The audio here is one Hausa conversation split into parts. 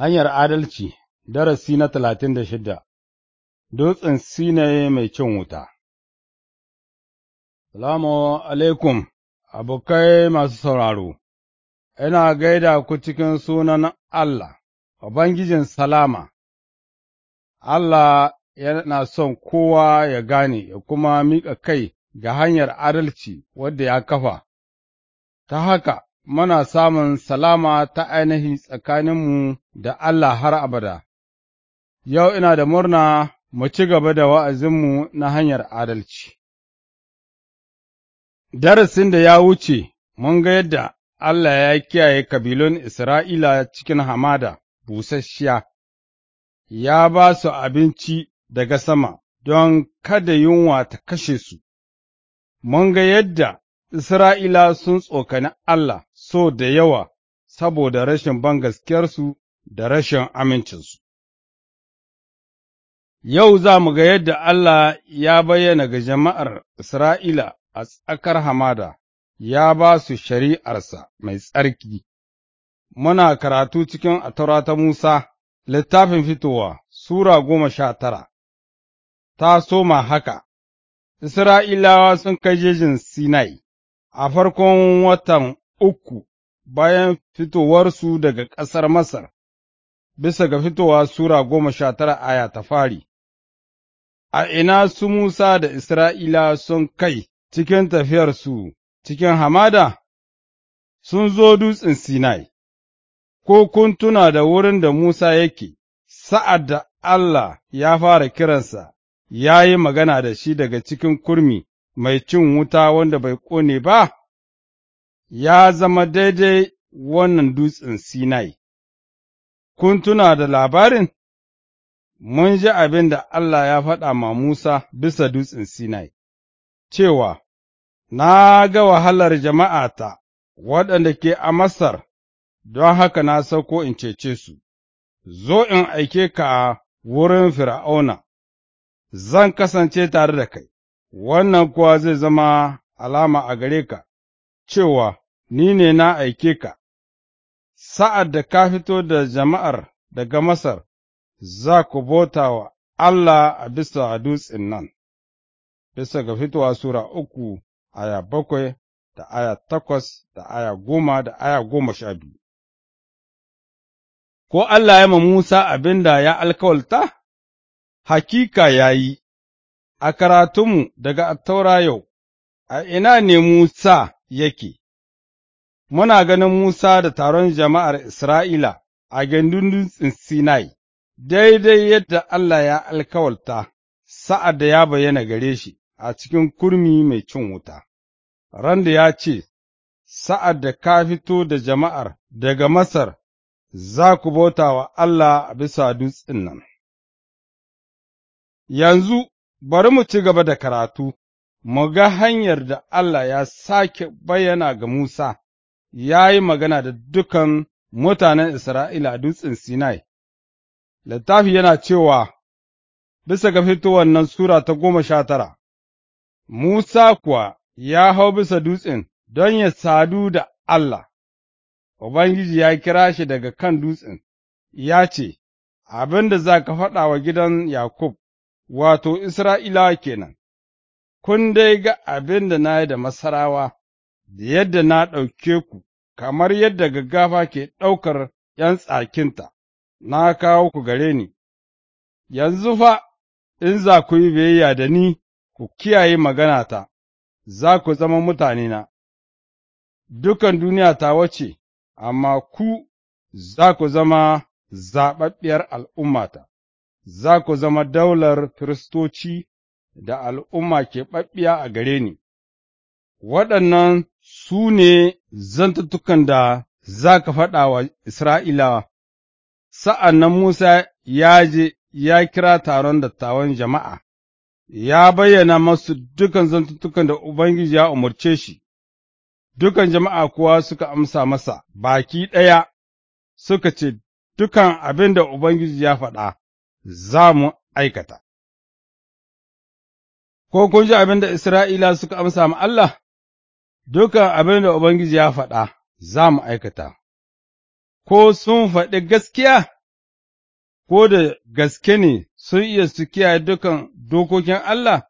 Hanyar adalci darasi na talatin da shida Dutsen Sinaye mai cin wuta Salamu alaikum, abokai masu sauraro, ina gaida ku cikin sunan Allah, Ubangijin Salama, Allah yana son kowa ya gane ya kuma miƙa kai ga hanyar adalci wadda ya kafa, ta haka muna samun salama ta ainihi tsakaninmu da Allah har abada. Yau ina da murna mu ci gaba da wa'azinmu na hanyar adalci. Darasin da ya wuce, mun ga yadda Allah ya kiyaye kabilun Isra'ila cikin hamada busasshiya, ya ba su abinci daga sama don kada yunwa ta kashe su, mun ga yadda Isra'ila sun tsokani Allah so da yawa saboda rashin bangaskiyarsu da rashin amincinsu. Yau za mu ga yadda Allah ya bayyana ga jama'ar Isra'ila a tsakar hamada, ya ba su shari'arsa mai tsarki. Muna karatu cikin atara ta Musa, littafin fitowa, Sura goma sha tara, ta soma haka, Isra'ilawa sun kai jejin Sinai. a farkon watan uku bayan fitowarsu daga ƙasar Masar, bisa ga fitowa Sura goma sha tara aya ta fari, a ina su Musa da Isra'ila sun kai cikin tafiyarsu cikin hamada, sun zo dutsen Sinai, ko kun tuna da wurin da Musa yake, sa'ad da Allah ya fara kiransa, ya yi magana da shi daga cikin kurmi mai cin wuta wanda bai ƙone ba, ya zama daidai wannan dutsen Sinai. Kun tuna da labarin? Mun ji abin da Allah ya faɗa ma Musa bisa dutsen Sinai, cewa, Na ga wahalar jama'ata waɗanda ke a Masar, don haka na sauko in cece su, zo in aike ka a wurin Fir'auna, zan kasance tare da kai. wannan kuwa zai zama alama a gare ka, cewa ni ne na aike ka, sa'ad da ka fito da jama'ar daga Masar, za ku bauta wa Allah a bisa a dutsen nan, bisa ga fitowa Sura uku, aya bakwai da aya takwas da aya goma da aya goma sha biyu. Ko Allah ya ma Musa abin da ya alkawalta? Hakika ya yi, A karatunmu daga Attaura yau, a ina ne Musa yake, muna ganin Musa da taron jama'ar Isra'ila a gandun dutsen Sinai, daidai yadda Allah ya alkawalta sa'ad da ya bayyana gare shi a cikin kurmi mai cin wuta, Randa ya ce, Sa'ad da ka fito da jama'ar daga Masar, za ku bauta wa Allah bisa dutsen nan. Yanzu bari mu ci gaba da karatu, mu ga hanyar da Allah ya sake bayyana ga Musa, ya yi magana da dukan mutanen Isra'ila a dutsen Sinai. Littafi yana cewa, Bisa ga fitowar nan Sura ta goma sha tara, Musa kuwa ya hau bisa dutsen don ya sadu da Allah, Ubangiji ya kira shi daga kan dutsen, ya ce, Abin da za ka faɗa wa gidan Yakub wato Isra'ilawa kenan, kun dai ga abin da na yi da masarawa, da yadda na ɗauke ku, kamar yadda gaggafa ke ɗaukar ’yan tsakinta, na kawo ku gare ni, yanzu fa in za ku yi biyayya da ni, ku kiyaye maganata, za ku zama mutanena, dukan duniya ta wace, amma ku za ku zama zaɓaɓɓiyar al'ummata. za ku zama daular firistoci da al'umma ke ɓaɓɓiya a gare ni, waɗannan su ne zantattukan da za ka faɗa wa Isra'ilawa. Sa'an nan Musa ya je ya kira taron dattawan jama'a, ya bayyana masu dukan zantattukan da Ubangiji ya umarce shi, dukan jama'a kuwa suka amsa masa baki ɗaya suka ce dukan abin da Ubangiji ya faɗa. za mu aikata. Ko kun ji abin da Isra'ila suka amsa ma Allah, dukan abin da Ubangiji ya faɗa za mu aikata, ko sun faɗi gaskiya, ko da gaske ne sun iya su kiyaye dukan dokokin Allah,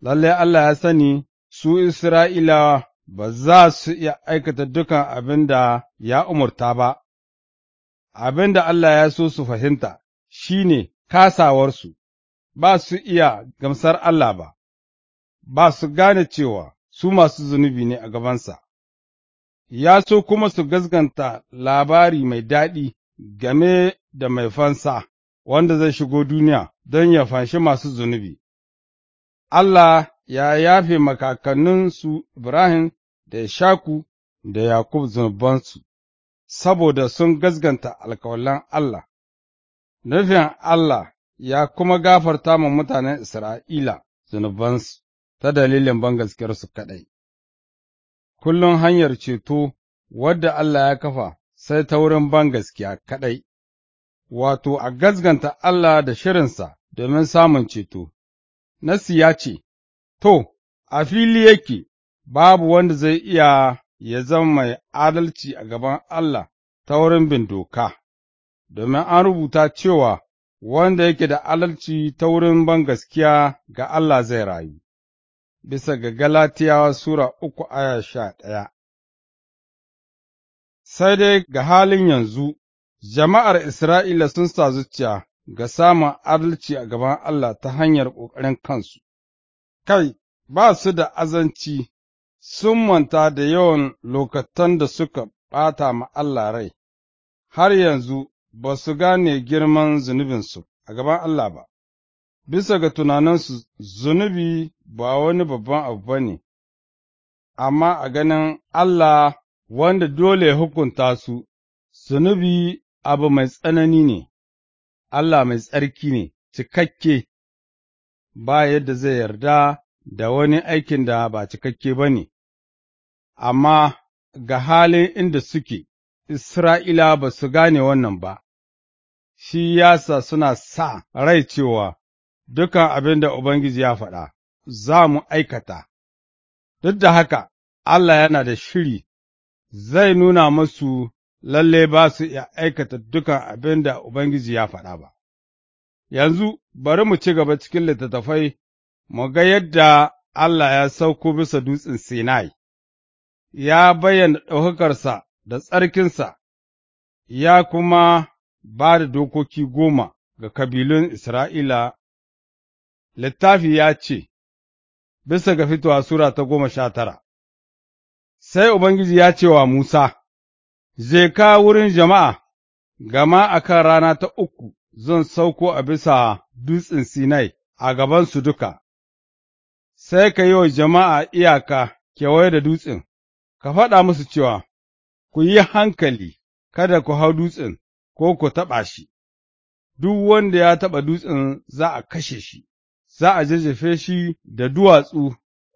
lalle Allah ya sani su Isra'ila ba za su iya aikata dukan abin da ya umurta ba, abin da Allah ya so su fahimta. shi ne kasawarsu, ba su iya gamsar Allah ba, ba su gane cewa su masu zunubi ne a gabansa, ya so kuma su gaskanta labari mai daɗi game da mai fansa wanda zai shigo duniya don ya fanshi masu zunubi. Allah ya yafe makakanninsu Ibrahim da Ishaku da Yakub zunubansu, saboda sun gaskanta alkawalan Allah. nufin Allah ya kuma gafarta ma mutanen Isra'ila zunubansu ta dalilin bangaskiyarsu kaɗai. Kullum hanyar ceto wadda Allah ya kafa sai ta wurin bangaskiya kaɗai, wato, a gazganta Allah da shirinsa domin samun ceto, Nasi ya ce, To, a fili yake, babu wanda zai iya ya zama mai adalci a gaban Allah ta wurin bin doka. domin an rubuta cewa wanda yake da alalci ta wurin ban gaskiya ga Allah zai rayu, bisa ga Galatiyawa Sura uku aya sha ɗaya. Sai dai ga halin yanzu, jama'ar Isra'ila sun sa zuciya ga samun adalci a gaban Allah ta hanyar ƙoƙarin kansu, kai, ba su da azanci, sun manta da yawan lokatan da suka ɓata ma Allah rai, har yanzu ba su gane girman zunubinsu a gaban Allah ba, bisa ga tunaninsu zunubi ba wani babban abu ba ne, amma a ganin Allah wanda dole ya hukunta su, zunubi abu mai tsanani ne, Allah mai tsarki ne, cikakke, ba yadda zai yarda da wani aikin da ba cikakke ba ne, amma ga halin inda suke, Isra'ila ba su gane wannan ba, shi yasa suna sa rai cewa dukan abin da Ubangiji ya faɗa, za mu aikata, duk da haka Allah yana da shiri, zai nuna masu lalle ba su iya aikata dukan abin da Ubangiji ya faɗa ba. Yanzu bari mu ci gaba cikin littattafai, mu ga yadda Allah ya sauko bisa dutsen Sinai, ya bayyana ɗaukakarsa da tsarkinsa, ya kuma ba da dokoki goma ga kabilun Isra'ila, littafi ya ce, Bisa ga fitowa Sura ta goma sha tara, sai Ubangiji ya ce wa Musa, Je ka wurin jama'a, gama a kan rana ta uku zan sauko a bisa dutsen Sinai a gabansu duka, sai ka yi wa jama'a iyaka kewaye da dutsen, ka faɗa musu cewa, ku yi hankali, kada ku hau dutsen ko ku taɓa shi, duk wanda ya taɓa dutsen za a kashe shi, za a jajjefe shi da duwatsu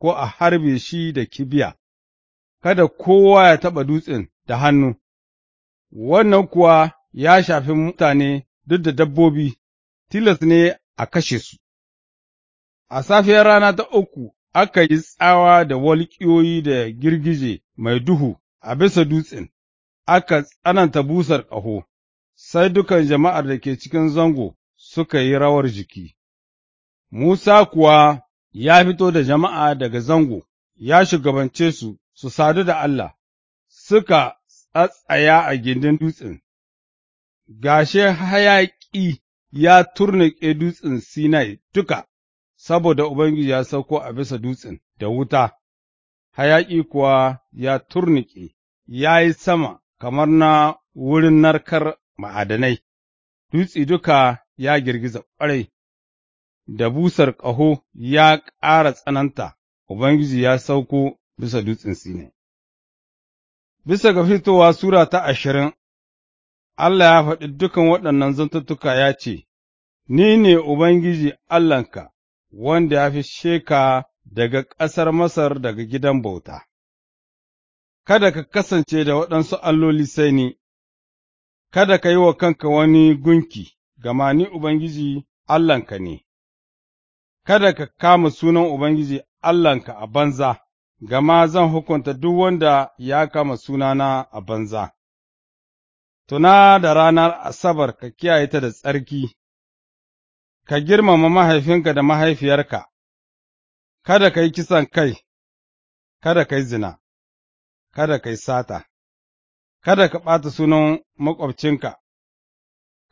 ko a harbe shi da kibiya, kada kowa ya taɓa dutsen da hannu, wannan kuwa ya shafi mutane duk da dabbobi, tilas ne a kashe su. A safiyar rana ta uku aka yi tsawa da walƙiyoyi da girgije mai duhu a bisa dutsen, aka tsananta busar ƙaho, sai dukan jama'ar da ke cikin zango suka yi rawar jiki. Musa kuwa ya fito da jama'a daga zango, ya shugabance su su sadu da Allah, suka tsatsaya a gindin dutsen, gashe hayaƙi ya turnuƙe dutsen Sinai duka, saboda Ubangiji ya sauko a bisa dutsen da wuta, hayaƙi kuwa ya turnuƙe. ya yi sama kamar na wurin narkar ma'adanai, dutse duka ya girgiza ƙwarai, da busar ƙaho ya ƙara tsananta, Ubangiji ya sauko bisa dutsen sine. Bisa ga fitowa Sura ta ashirin, Allah ya faɗi dukan waɗannan zantuttuka ya ce, Ni ne Ubangiji Allahnka, wanda ya fi sheka daga ƙasar Masar daga gidan bauta. kada ka kasance da waɗansu alloli sai ni, kada ka yi wa kanka wani gunki, gama ni Ubangiji Allahnka ne, kada ka kama sunan Ubangiji Allahnka a banza, gama zan hukunta duk wanda ya kama sunana a banza. Tuna da ranar Asabar ka kiyaye ta da tsarki, ka girmama mahaifinka da mahaifiyarka, kada ka yi kisan kai, kada ka yi zina. kada ka yi sata, kada ka ɓata sunan maƙwabcinka,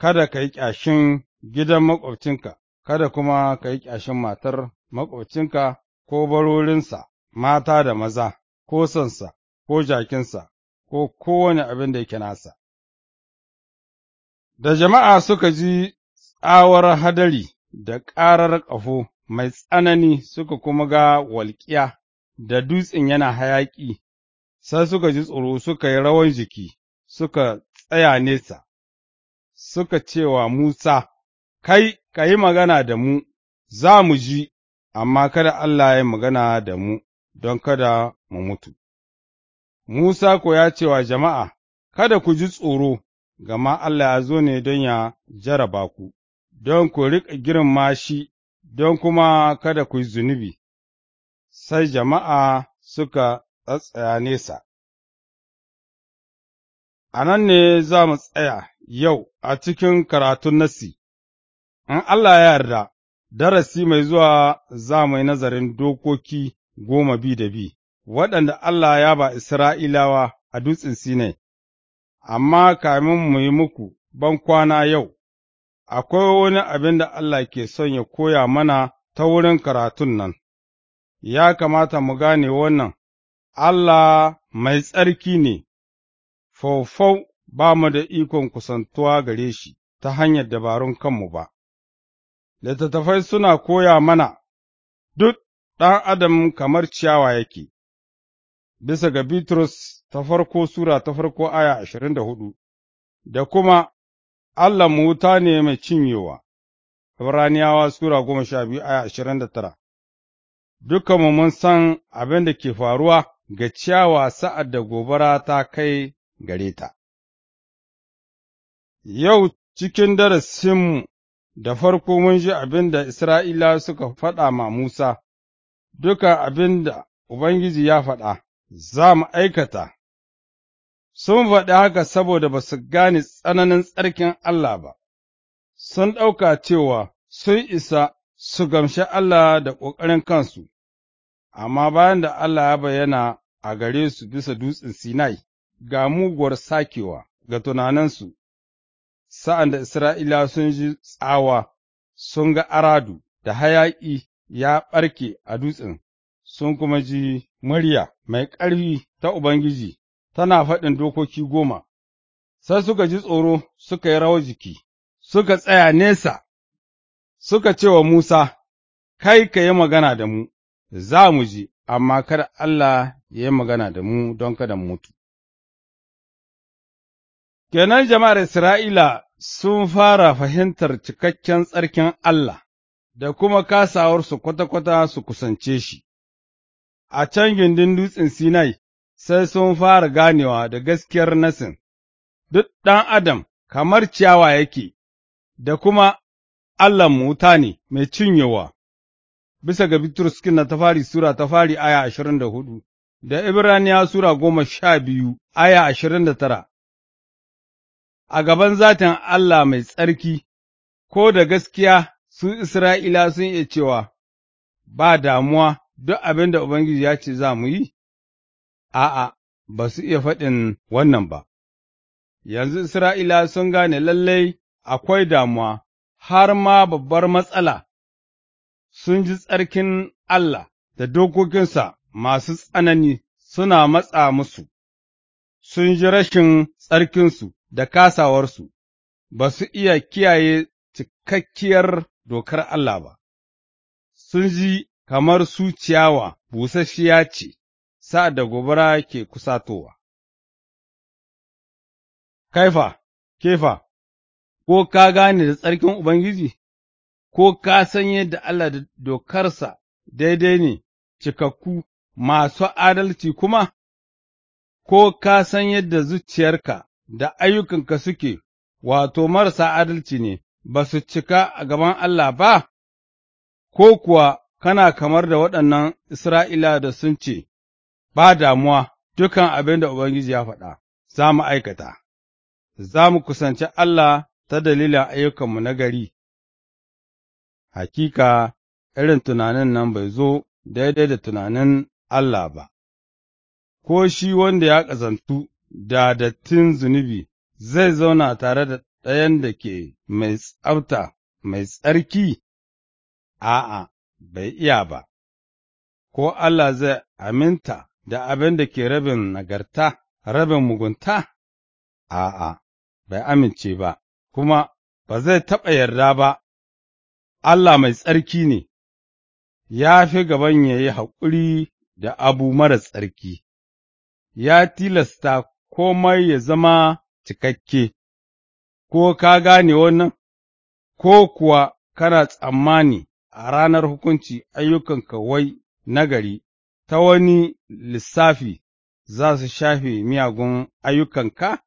kada ka yi ƙyashin gidan maƙwabcinka, kada kuma ka yi ƙyashin matar maƙwabcinka ko barorinsa, mata da maza, ko sansa, ko jakinsa, ko kowane abin da yake nasa. Da jama'a suka ji tsawar hadari da ƙarar ƙafo mai tsanani suka kuma ga walƙiya da dutsen yana hayaƙi sai suka ji tsoro suka yi rawan jiki, suka tsaya nesa, suka cewa, Musa, Kai, ka yi magana da mu, za mu ji, amma kada Allah ya yi magana da mu, don kada mu mutu. Musa ko ya ce jama'a, Kada ku ji tsoro, gama Allah ya zo ne don ya jaraba ku, don ku riƙa girin mashi, don kuma kada ku yi zunubi. Sai jama'a suka tsattsaya nesa. A nan ne za mu tsaya yau a cikin karatun nasi in Allah ya yarda, darasi mai zuwa za mu nazarin dokoki goma bi da bi, waɗanda Allah ya ba Isra'ilawa a dutsen Sinai, amma kamin mu yi muku ban kwana yau, akwai wani abin da Allah ke son ya koya mana ta wurin karatun nan, ya kamata mu gane wannan Allah mai tsarki ne, faufau ba mu da ikon kusantuwa gare shi ta hanyar dabarun kanmu ba, littattafai suna koya mana duk ɗan adam kamar ciyawa yake, bisa ga Bitrus ta farko Sura ta farko aya ashirin da hudu, da kuma Allah mu wuta ne mai cinyewa, Ibraniyawa Sura goma sha biyu aya ashirin da tara, dukanmu mun san abin da ke faruwa. ga ciyawa sa'ad da gobara ta kai gare ta. Yau cikin darasinmu da farko mun ji abin da Isra'ila suka faɗa ma Musa, duka abin da Ubangiji ya faɗa, za mu aikata, sun faɗi haka saboda ba su gane tsananin tsarkin Allah ba, sun ɗauka cewa sun isa su gamshi Allah da ƙoƙarin kansu, amma bayan da Allah ya bayyana a gare su bisa dutsen Sinai, ga muguwar sakewa ga tunaninsu, sa'an da Isra'ila sun ji tsawa, sun ga aradu da hayaƙi ya ɓarke a dutsen, sun kuma ji murya mai ƙarfi ta Ubangiji tana faɗin dokoki goma, sai suka ji tsoro suka yi rawar jiki, suka tsaya nesa, suka ce wa Musa, Kai ka yi magana da mu, za mu ji, amma kada Allah ya yi magana da mu don kada mu mutu. Kenan jama'ar Isra'ila sun fara fahimtar cikakken tsarkin Allah da kuma kasawarsu kwata-kwata su kusance shi, a can gindin dutsen Sinai sai sun fara ganewa da gaskiyar nasin, duk ɗan Adam kamar ciyawa yake, da kuma Allah mutane ne mai cinyewa. bisa ga Bitrus na ta fari Sura ta fari aya ashirin da hudu, da Ibraniya Sura goma sha biyu aya ashirin da tara. A gaban zatin Allah mai tsarki, ko da gaskiya su Isra'ila sun iya cewa, Ba damuwa duk abin da Ubangiji ya ce za mu yi? A'a, ba su iya faɗin wannan ba. Yanzu Isra'ila sun gane lallai akwai damuwa, har ma babbar matsala sun ji tsarkin Allah da dokokinsa masu tsanani suna matsa musu, sun ji rashin tsarkinsu da kasawarsu, ba su iya kiyaye cikakkiyar dokar Allah ba, sun ji kamar su ciyawa busasshiya ce, sa da gobara ke kusatowa. Kaifa, kefa, ko ka gane da tsarkin Ubangiji? ko ka san yadda Allah da dokarsa daidai ne, cikakku, masu adalci kuma, ko ka san yadda zuciyarka da ayyukanka suke, wato marasa adalci ne, ba su cika a gaban Allah ba, ko kuwa kana kamar da waɗannan Isra'ila da sun ce, Ba damuwa, dukan abin da Ubangiji ya faɗa, za mu aikata, za mu kusanci Allah ta dalilin ayyukanmu na gari. hakika irin tunanin nan bai zo daidai da tunanin Allah ba, ko shi wanda ya ƙazantu da dattin zunubi zai zauna tare da ɗayan da ke mai tsabta mai tsarki? A'a, bai iya ba, ko Allah zai aminta da abin da ke rabin nagarta, rabin mugunta? A'a, bai amince ba, kuma ba zai taɓa yarda ba Allah mai tsarki ne, ya fi gaban ya yi haƙuri da abu mara tsarki, ya tilasta komai ya zama cikakke, ko ka gane wannan, ko kuwa kana tsammani a ranar hukunci ayyukanka wai nagari ta wani lissafi za su shafe miyagun ayyukanka?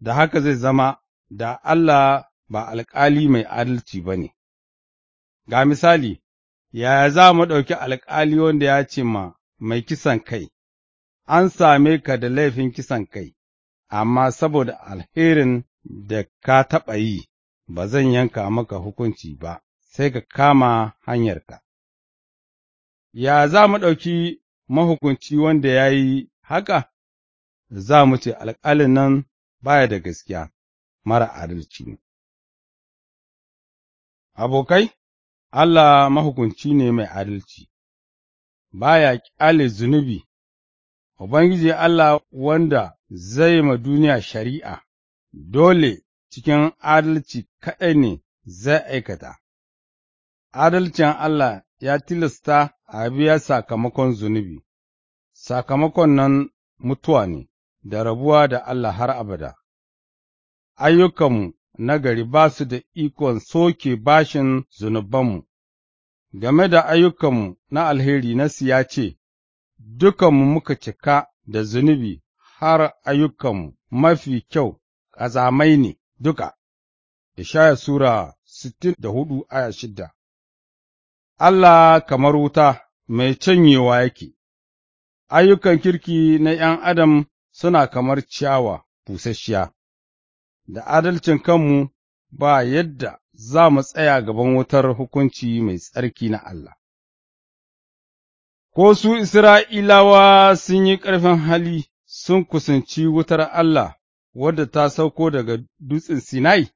Da haka zai zama da Allah ba alƙali mai adalci ba ne. Ga misali, yaya za mu ɗauki alƙali wanda ya ce ma mai kisan kai, An same ka da laifin kisan kai, amma saboda alherin da ka taɓa yi, ba zan yanka maka hukunci ba, sai ka kama hanyarka. Ya za mu ɗauki mahukunci wanda ya yi haka? Za mu ce alƙalin nan baya da gaskiya, mara adalci ne. Abokai, Allah mahukunci ne mai adalci, ba ya ƙyale zunubi, Ubangiji Allah wanda zai ma duniya shari'a, dole cikin adalci kaɗai ne zai aikata. Adalcin Allah ya tilasta a biya sakamakon zunubi, sakamakon nan mutuwa ne da rabuwa da Allah har abada. Ayyukanmu nagari ba su da ikon soke bashin zunubanmu, game da ayyukanmu na alheri na siya ce, Dukanmu muka cika da zunubi har ayyukanmu mafi kyau ƙazamai ne duka, Ishaya Sura sittin da hudu aya Allah kamar wuta mai canyewa yake, ayyukan kirki na ’yan adam suna kamar ciyawa busasshiya. da adalcin kanmu ba yadda za mu tsaya gaban wutar hukunci mai tsarki na Allah. Ko su Isra'ilawa sun yi ƙarfin hali sun kusanci wutar Allah wadda ta sauko daga dutsen Sinai,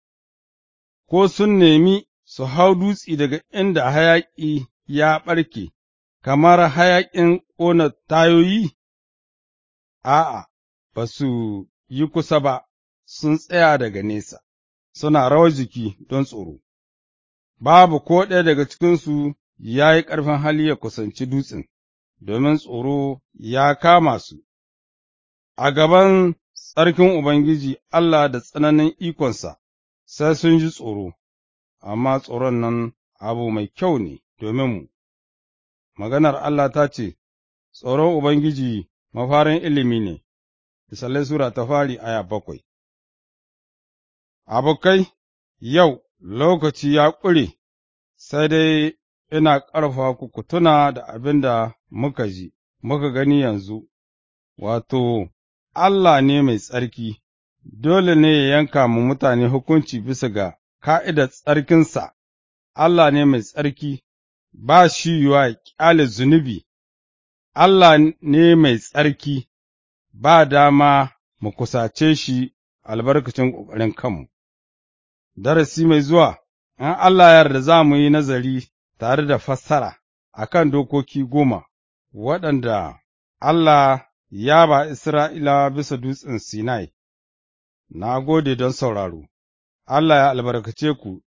ko sun nemi su hau dutse daga inda hayaƙi ya ɓarke, kamar hayaƙin ƙona tayoyi? A'a, ba su yi kusa ba, sun tsaya daga nesa, suna rawar jiki don tsoro, babu ko ɗaya daga cikinsu ya yi ƙarfin hali ya kusanci dutsen, domin tsoro ya kama su, a gaban tsarkin Ubangiji Allah da tsananin ikonsa, sai sun ji tsoro, amma tsoron nan abu mai kyau ne domin mu. Maganar Allah ta ce, Tsoron Ubangiji mafarin ilimi ne, Misalai Sura ta fari aya bakwai. Abokai, yau lokaci ya ƙure, sai dai ina ƙarfa ku ku tuna da abin da muka ji, muka gani yanzu, wato, Allah ne mai tsarki, dole ne ya yanka mu mutane hukunci bisa ga ka'idar tsarkinsa, Allah ne mai tsarki, ba shi yiwa ƙyale zunubi, Allah ne mai tsarki, ba dama mu kusace shi albarkacin ƙoƙarin kanmu. darasi mai zuwa, in Allah yarda za mu yi nazari tare da fassara a kan dokoki goma, waɗanda Allah ya ba Isra'ilawa bisa dutsen Sinai. Na gode don sauraro, Allah ya albarkace ku,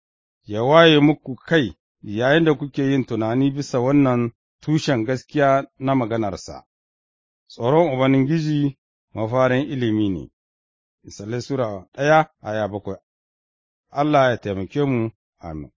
ya waye muku kai yayin da kuke yin tunani bisa wannan tushen gaskiya na maganarsa. Tsoron Ubangiji mafarin ilimi ne, Misalai Sura ɗaya aya bakwai. Allah ya taimake mu, amin.